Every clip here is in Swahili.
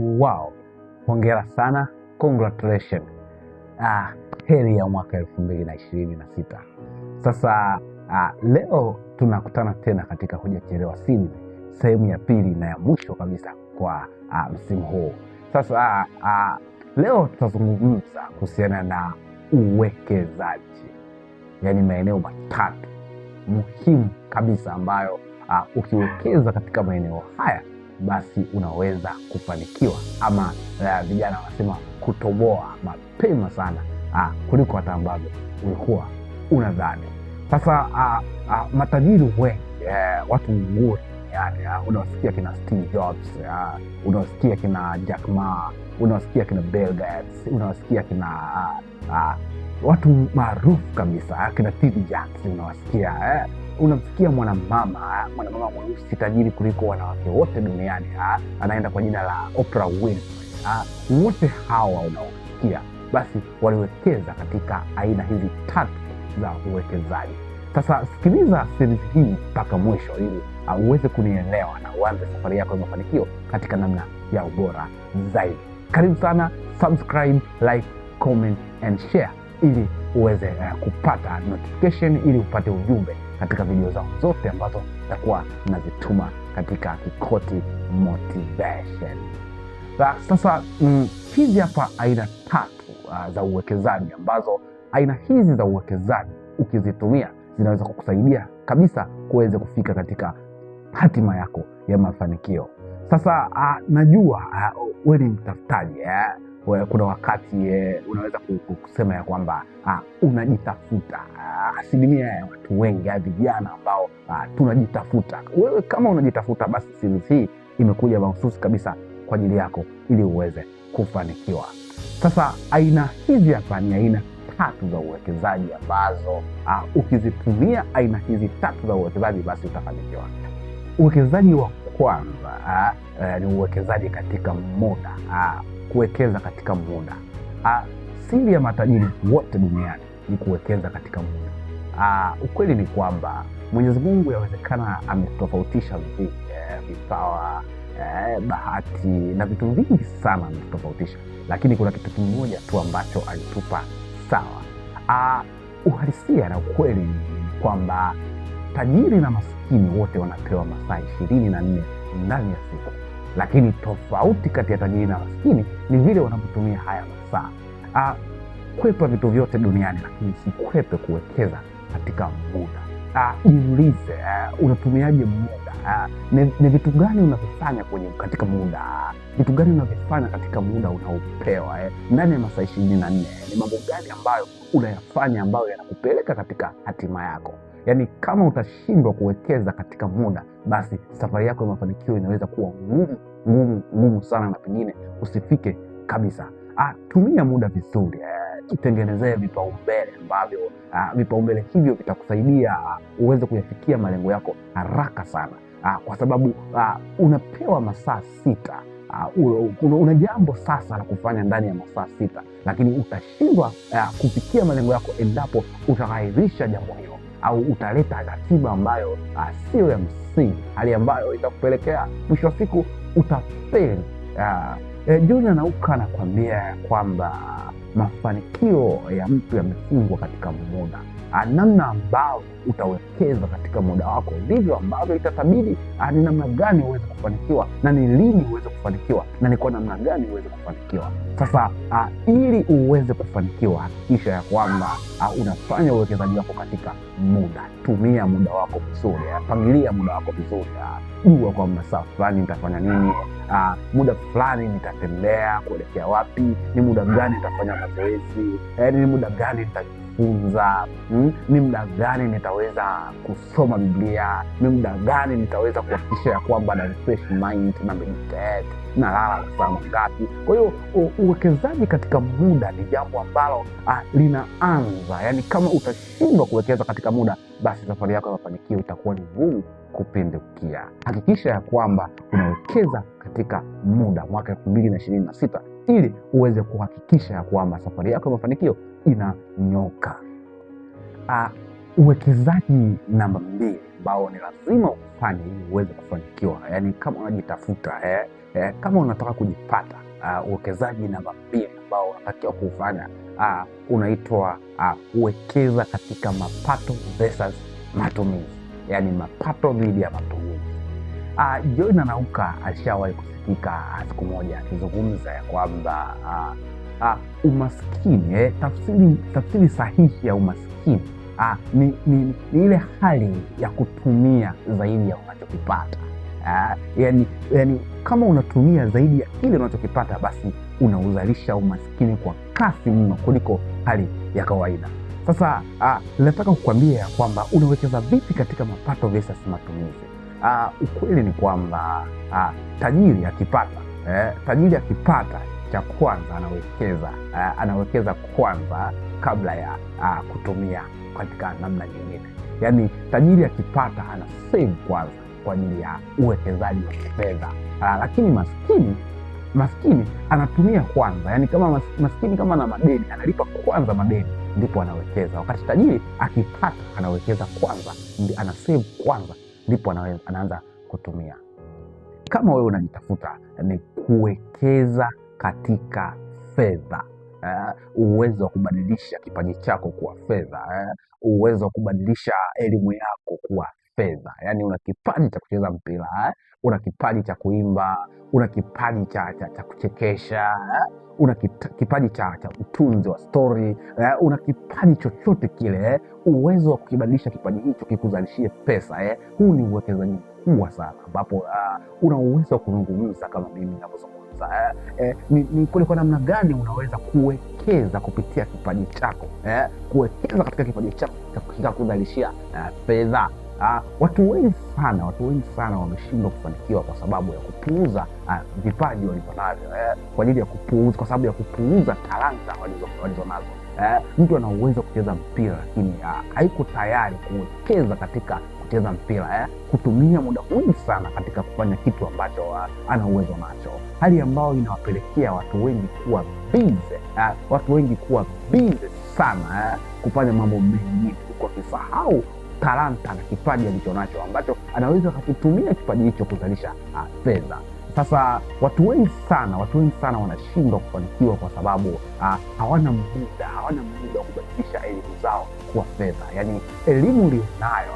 wao hongera sana, congratulation Ah, heri ya mwaka elfu mbili na ishirini na sita. Sasa ah, leo tunakutana tena katika Hujachelewa simu sehemu ya pili na ya mwisho kabisa kwa ah, msimu huu. Sasa ah, ah, leo tutazungumza kuhusiana na uwekezaji, yaani maeneo matatu muhimu kabisa ambayo ah, ukiwekeza katika maeneo haya basi unaweza kufanikiwa, ama eh, vijana uh, wanasema kutoboa mapema sana uh, kuliko hata ambavyo ulikuwa unadhani. Sasa uh, uh, matajiri wengi uh, eh, watu nguri Yani, uh, unaosikia kina Steve Jobs uh, unaosikia kina Jack Ma, kina Bill Gates, unaosikia kina uh, uh, watu maarufu kabisa kina TV Jobs unawasikia eh? unamsikia mwanamama mwanamama mweusi tajiri kuliko wanawake wote duniani anaenda kwa jina la Oprah Winfrey. Wote hawa unaosikia basi waliwekeza katika aina hizi tatu za uwekezaji. Sasa sikiliza series hii mpaka mwisho ili uweze kunielewa na uanze safari yako ya mafanikio katika namna ya ubora zaidi. Karibu sana, subscribe, like, comment and share ili uweze uh, kupata notification ili upate ujumbe katika video zangu zote ambazo nitakuwa nazituma katika Kikoti Motivation. Sasa mm, hizi hapa aina tatu uh, za uwekezaji ambazo aina hizi za uwekezaji ukizitumia zinaweza kukusaidia kabisa kuweze kufika katika hatima yako ya mafanikio. Sasa uh, najua uh, we ni mtafutaji eh? Eh, kuna wakati eh, unaweza kusema ya kwamba ah, unajitafuta. Ah, asilimia ya watu wengi ya vijana ambao ah, tunajitafuta. Wewe kama unajitafuta, basi series hii imekuja mahususi kabisa kwa ajili yako ili uweze kufanikiwa. Sasa aina hizi hapa ni aina tatu za uwekezaji ambazo ukizitumia aina hizi tatu za uwekezaji basi utafanikiwa. Uwekezaji wa kwanza eh, ni uwekezaji katika muda kuwekeza katika muda. Asili ah, ya matajiri wote duniani ni kuwekeza katika muda. Ah, ukweli ni kwamba Mwenyezi Mungu yawezekana ametofautisha eh, vipawa eh, bahati na vitu vingi sana ametofautisha, lakini kuna kitu kimoja tu ambacho alitupa sawa. Ah, uhalisia na ukweli ni kwamba tajiri na maskini wote wanapewa masaa ishirini na nne ndani ya siku lakini tofauti kati ya tajiri na maskini ni vile wanavyotumia haya masaa. Ah, kwepa vitu vyote duniani, lakini sikwepe kuwekeza katika muda. Ah, jiulize, ah, unatumiaje muda? Ah, ni vitu gani unavifanya kwenye katika muda? Ah, vitu gani unavifanya katika muda unaopewa eh? Ndani ya masaa ishirini na nne ni mambo gani ambayo unayafanya ambayo yanakupeleka katika hatima yako? yaani kama utashindwa kuwekeza katika muda basi safari yako ya mafanikio inaweza kuwa ngumu ngumu ngumu sana na pengine usifike kabisa ah, tumia muda vizuri eh, jitengenezee vipaumbele ambavyo ah, vipaumbele hivyo vitakusaidia ah, uweze kuyafikia malengo yako haraka sana a, ah, kwa sababu a, unapewa masaa sita una, una jambo sasa la kufanya ndani ya masaa sita lakini utashindwa kufikia malengo yako endapo utaahirisha jambo hilo au utaleta ratiba ambayo ah, siyo ya msingi, hali ambayo itakupelekea mwisho wa siku Uh, E, John Anauka anakuambia ya kwamba mafanikio ya mtu yamefungwa katika muda. Ah, namna ambayo utawekeza katika muda wako, ndivyo ambavyo itatabidi ah, ni namna gani uweze kufanikiwa na ni lini uweze kufanikiwa na ni kwa namna gani uweze kufanikiwa. Sasa uh, ili uweze kufanikiwa, hakikisha ya kwamba uh, unafanya uwekezaji wako katika muda. Tumia muda wako vizuri, pangilia muda wako vizuri, jua kwamba saa fulani nitafanya nini, uh, muda fulani nitatembea kuelekea wapi, ni muda gani nitafanya mazoezi, eh, ni muda gani nita kujifunza hmm? ni muda gani nitaweza kusoma biblia ni muda gani nitaweza kuhakikisha ya kwamba na fresh mind na meditate nalala saa ngapi kwa hiyo uwekezaji katika muda ni jambo ambalo ah, linaanza yani kama utashindwa kuwekeza katika muda basi safari yako ya mafanikio itakuwa ni ngumu kupindukia hakikisha ya kwamba unawekeza katika muda mwaka elfu mbili na ishirini na sita ili uweze kuhakikisha ya kwamba safari yako ya mafanikio inanyoka. Ah, uwekezaji namba mbili ambao ni lazima ufanye ili uweze kufanikiwa, yaani kama unajitafuta eh, eh, kama unataka kujipata ah, uwekezaji uh, namba mbili ambao unatakiwa kufanya uh, unaitwa uwekeza uh, katika mapato versus matumizi, yaani mapato dhidi ya matumizi. Uh, John Anauka alishawahi kusikika siku moja akizungumza ya kwamba uh, uh, umaskini eh, tafsiri, tafsiri sahihi ya umaskini uh, ni, ni, ni ile hali ya kutumia zaidi ya unachokipata uh, yani, yani kama unatumia zaidi ya kile unachokipata basi unauzalisha umaskini kwa kasi mno kuliko hali ya kawaida. Sasa uh, nataka kukwambia ya kwamba unawekeza vipi katika mapato versus matumizi uh, ukweli ni kwamba uh, tajiri akipata eh, tajiri akipata cha kwanza anawekeza uh, anawekeza kwanza kabla ya uh, kutumia katika namna nyingine. Yaani tajiri akipata ana save kwanza kwa ajili ya uwekezaji wa fedha uh, lakini maskini maskini anatumia kwanza, yaani kama mas, maskini kama na madeni analipa kwanza madeni ndipo anawekeza, wakati tajiri akipata anawekeza kwanza, ana save kwanza ndipo anaanza kutumia. Kama wewe unanitafuta ni kuwekeza katika fedha Uh, uwezo wa kubadilisha kipaji chako kuwa fedha uh, uwezo wa kubadilisha elimu yako kuwa fedha, yani una kipaji cha kucheza mpira eh? una kipaji cha kuimba, una kipaji cha, cha, cha kuchekesha eh? una kipaji cha, cha utunzi wa stori eh? una kipaji chochote kile eh? uwezo wa kukibadilisha kipaji hicho kikuzalishie pesa eh? huu ni uwekezaji mkubwa sana, ambapo uh, una uwezo wa kuzungumza kama mimi navyozungumza eh? eh, ni, ni kule kwa namna gani unaweza kuwekeza kupitia kipaji chako eh? kuwekeza katika kipaji chako kikakuzalishia eh, fedha Uh, watu wengi sana watu wengi sana wameshindwa kufanikiwa kwa sababu ya kupuuza uh, vipaji walivyo navyo eh, kwa ajili ya kupuuza, kwa sababu ya kupuuza talanta walizo nazo eh, mtu ana uwezo kucheza mpira lakini uh, ah, haiko tayari kuwekeza katika kucheza mpira eh, kutumia muda mwingi sana katika kufanya kitu ambacho uh, ana uwezo nacho, hali ambayo inawapelekea watu wengi kuwa bize uh, watu wengi kuwa bize sana eh, kufanya mambo mengine, kisahau talanta na kipaji alichonacho ambacho anaweza akakitumia kipaji hicho kuzalisha ah, fedha. Sasa watu wengi sana, watu wengi sana wanashindwa kufanikiwa kwa sababu ah, hawana muda, hawana muda wa kubadilisha elimu zao kuwa fedha. Yaani elimu ulionayo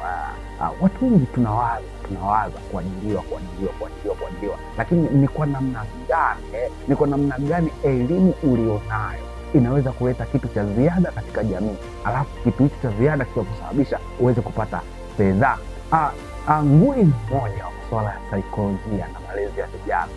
ah, watu wengi tunawaza tunawaza kuajiliwa, kuajiliwa, kuajiliwa, kuajiliwa, lakini ni kwa namna gani? Eh, ni kwa namna gani elimu ulionayo inaweza kuleta kitu cha ziada katika jamii, alafu kitu hicho cha ziada kinakusababisha uweze kupata fedha. Ah, ah, ngui mmoja wa masuala ya saikolojia na malezi ya vijana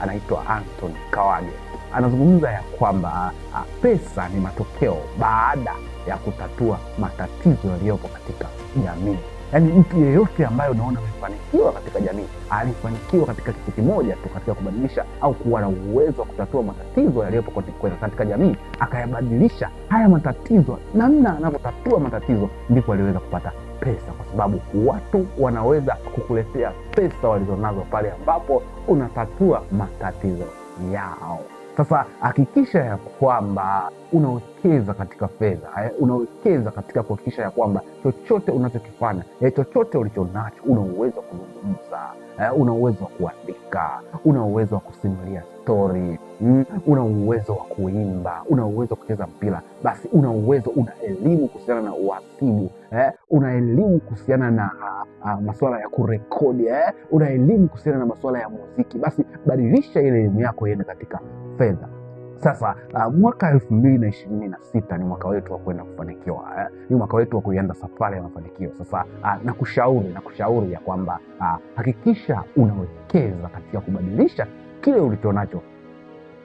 anaitwa anton Kawage anazungumza ya kwamba ah, pesa ni matokeo baada ya kutatua matatizo yaliyopo katika jamii. Yaani mtu yeyote ambaye unaona amefanikiwa katika jamii alifanikiwa katika kitu kimoja tu katika kubadilisha au kuwa na uwezo wa kutatua matatizo yaliyopo katika jamii, akayabadilisha haya matatizo. Namna anavyotatua matatizo ndipo aliweza kupata pesa, kwa sababu watu wanaweza kukuletea pesa walizonazo pale ambapo unatatua matatizo yao. Sasa hakikisha ya kwamba unawekeza katika fedha, eh, unawekeza katika kuhakikisha ya kwamba chochote unachokifanya, eh, chochote ulichonacho, una uwezo wa kuzungumza, eh, una uwezo wa kuandika, una uwezo wa kusimulia stori, mm, una uwezo wa kuimba, una uwezo wa kucheza mpira, basi una uwezo, una elimu kuhusiana na uhasibu eh, una elimu kuhusiana na uh, ah, masuala ya kurekodi eh, una elimu kuhusiana na masuala ya muziki, basi badilisha ile elimu yako iende katika fedha. Sasa uh, mwaka elfu mbili na ishirini na sita ni mwaka wetu wa kuenda kufanikiwa eh? Ni mwaka wetu wa kuianza safari ya mafanikio. Sasa uh, nakushauri nakushauri ya kwamba uh, hakikisha unawekeza katika kubadilisha kile ulichonacho,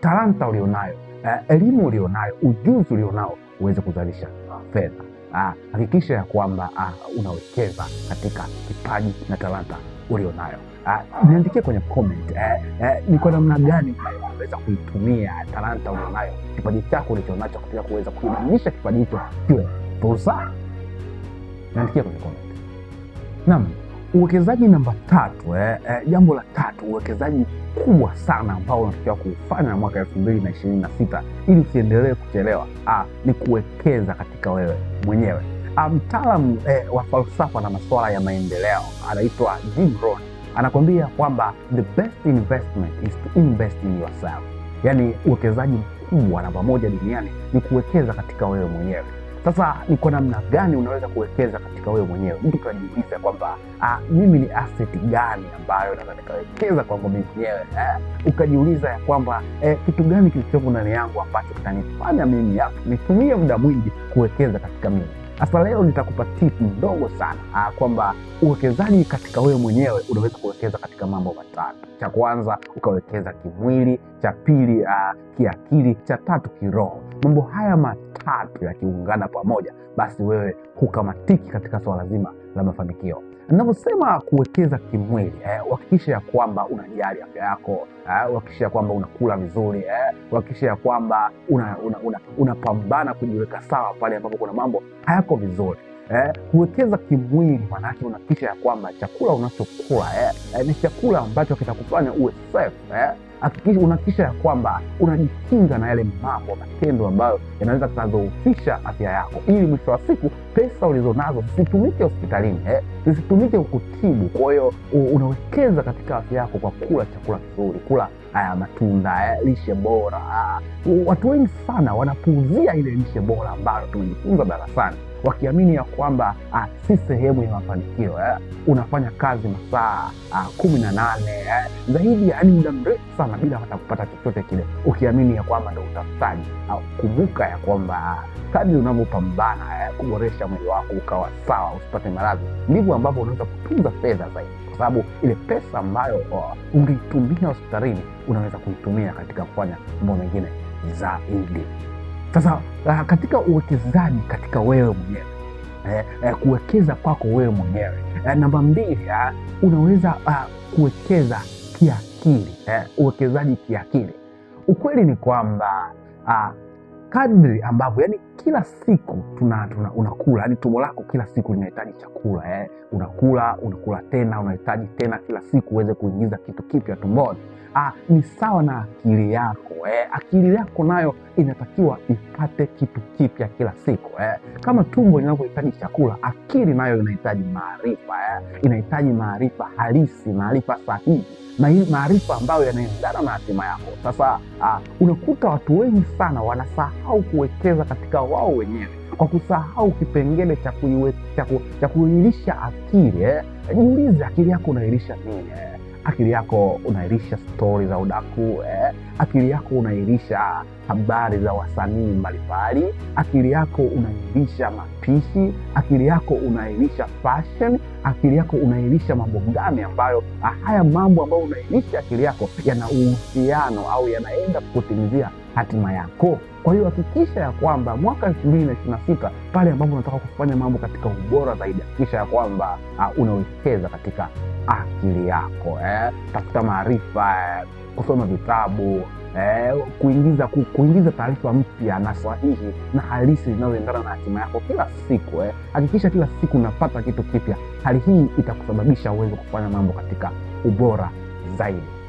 talanta ulionayo, uh, elimu ulionayo, ujuzi ulionao uweze kuzalisha fedha. Ah, hakikisha ya kwamba ah, unawekeza katika kipaji na talanta ulionayo. Ah, niandikie kwenye comment eh, eh, ni kwa namna gani unaweza kuitumia talanta ulionayo, kipaji chako ulichonacho katika kuweza kuimanisha kipaji hicho kiwe fursa. Niandikie kwenye comment. Naam. Uwekezaji namba tatu eh, eh, jambo la tatu, uwekezaji kubwa sana ambao unatakiwa kuufanya mwaka elfu mbili na ishirini na sita ili usiendelee kuchelewa ah, ni kuwekeza katika wewe mwenyewe. Ah, mtaalamu eh, wa falsafa na masuala ya maendeleo anaitwa Jim Rohn anakwambia kwamba the best investment is to invest in yourself, yaani uwekezaji mkubwa namba moja duniani ni kuwekeza katika wewe mwenyewe. Sasa ni kwa namna gani unaweza kuwekeza katika wewe mwenyewe? Mtu kajiuliza kwamba ah, mimi ni asset gani ambayo naweza nikawekeza kwangu mimi mwenyewe eh? Ukajiuliza ya kwamba eh, kitu gani kilichopo ndani yangu ambacho kitanifanya mimi hapo nitumie muda mwingi kuwekeza katika mimi sasa leo nitakupa tip ndogo sana ah, kwamba uwekezaji katika wewe mwenyewe unaweza kuwekeza katika mambo matatu. Cha kwanza ukawekeza kimwili, cha pili ah, kiakili, cha tatu kiroho. Mambo haya matatu yakiungana pamoja, basi wewe hukamatiki katika swala zima la mafanikio. navyosema kuwekeza kimwili, eh, uhakikishe eh, ya kwamba unajali afya yako, eh, uhakikishe eh, ya kwamba unakula vizuri, eh, uhakikishe eh, ya kwamba unapambana una, una, una kujiweka sawa pale ambapo kuna mambo hayako vizuri. Eh, kuwekeza kimwili manake unahakikisha ya kwamba chakula unachokula eh, eh, ni chakula ambacho kitakufanya uwe safe eh unahakikisha ya kwamba unajikinga na yale mambo matendo ambayo yanaweza kukadhoofisha afya yako, ili mwisho wa siku pesa ulizonazo zisitumike hospitalini eh, zisitumike kukutibu. Kwa hiyo unawekeza katika afya yako kwa kula chakula kizuri, kula haya matunda haya, eh, lishe bora. Ah, watu wengi sana wanapuuzia ile lishe bora ambayo tumejifunza darasani wakiamini ya kwamba ah, si sehemu ya mafanikio eh. Unafanya kazi masaa ah, kumi na nane eh, zaidi yaani muda mrefu sana bila hata kupata chochote kile, ukiamini ya kwamba ndo utafutaji. Kumbuka ya kwamba ah, kadri unavyopambana eh, kuboresha mwili wako ukawa sawa, usipate maradhi, ndivyo ambavyo unaweza kutunza fedha zaidi kwa sababu ile pesa ambayo uh, oh, ungeitumia hospitalini unaweza kuitumia katika kufanya mambo mengine zaidi. Sasa uh, katika uwekezaji katika wewe mwenyewe eh, eh, kuwekeza kwako wewe mwenyewe eh, namba mbili eh, unaweza uh, kuwekeza kiakili eh, uwekezaji kiakili. Ukweli ni kwamba uh, kadri ambavyo yani kila siku tuna, tuna, unakula yani tumbo lako kila siku linahitaji chakula eh. Unakula unakula tena unahitaji tena kila siku uweze kuingiza kitu kipya tumboni. Ah, ni sawa na akili yako eh. Akili yako nayo inatakiwa ipate kitu kipya kila siku eh. Kama tumbo linavyohitaji chakula, akili nayo inahitaji maarifa eh. Inahitaji maarifa halisi, maarifa sahihi maarifa ambayo yanaendana na hatima yako. Sasa uh, unakuta watu wengi sana wanasahau kuwekeza katika wao wenyewe kwa kusahau kipengele cha kuilisha akili. Eh. Jiulize, akili yako unailisha nini? Eh? Akili yako unailisha stori za udaku eh? Akili yako unailisha habari za wasanii mbalimbali? Akili yako unailisha upishi, akili yako unaainisha fashion, akili yako unaainisha mambo gani ambayo ah, haya mambo ambayo unaainisha akili yako yana uhusiano au yanaenda kutimizia hatima yako. Kwa hiyo hakikisha ya kwamba mwaka elfu mbili na ishirini na sita pale ambapo unataka kufanya mambo katika ubora zaidi, hakikisha ya kwamba uh, unawekeza katika akili yako eh, tafuta maarifa eh, kusoma vitabu eh, kuingiza ku, kuingiza taarifa mpya na sahihi na halisi zinazoendana na hatima yako kila siku eh. Hakikisha kila siku unapata kitu kipya. Hali hii itakusababisha uweze kufanya mambo katika ubora zaidi.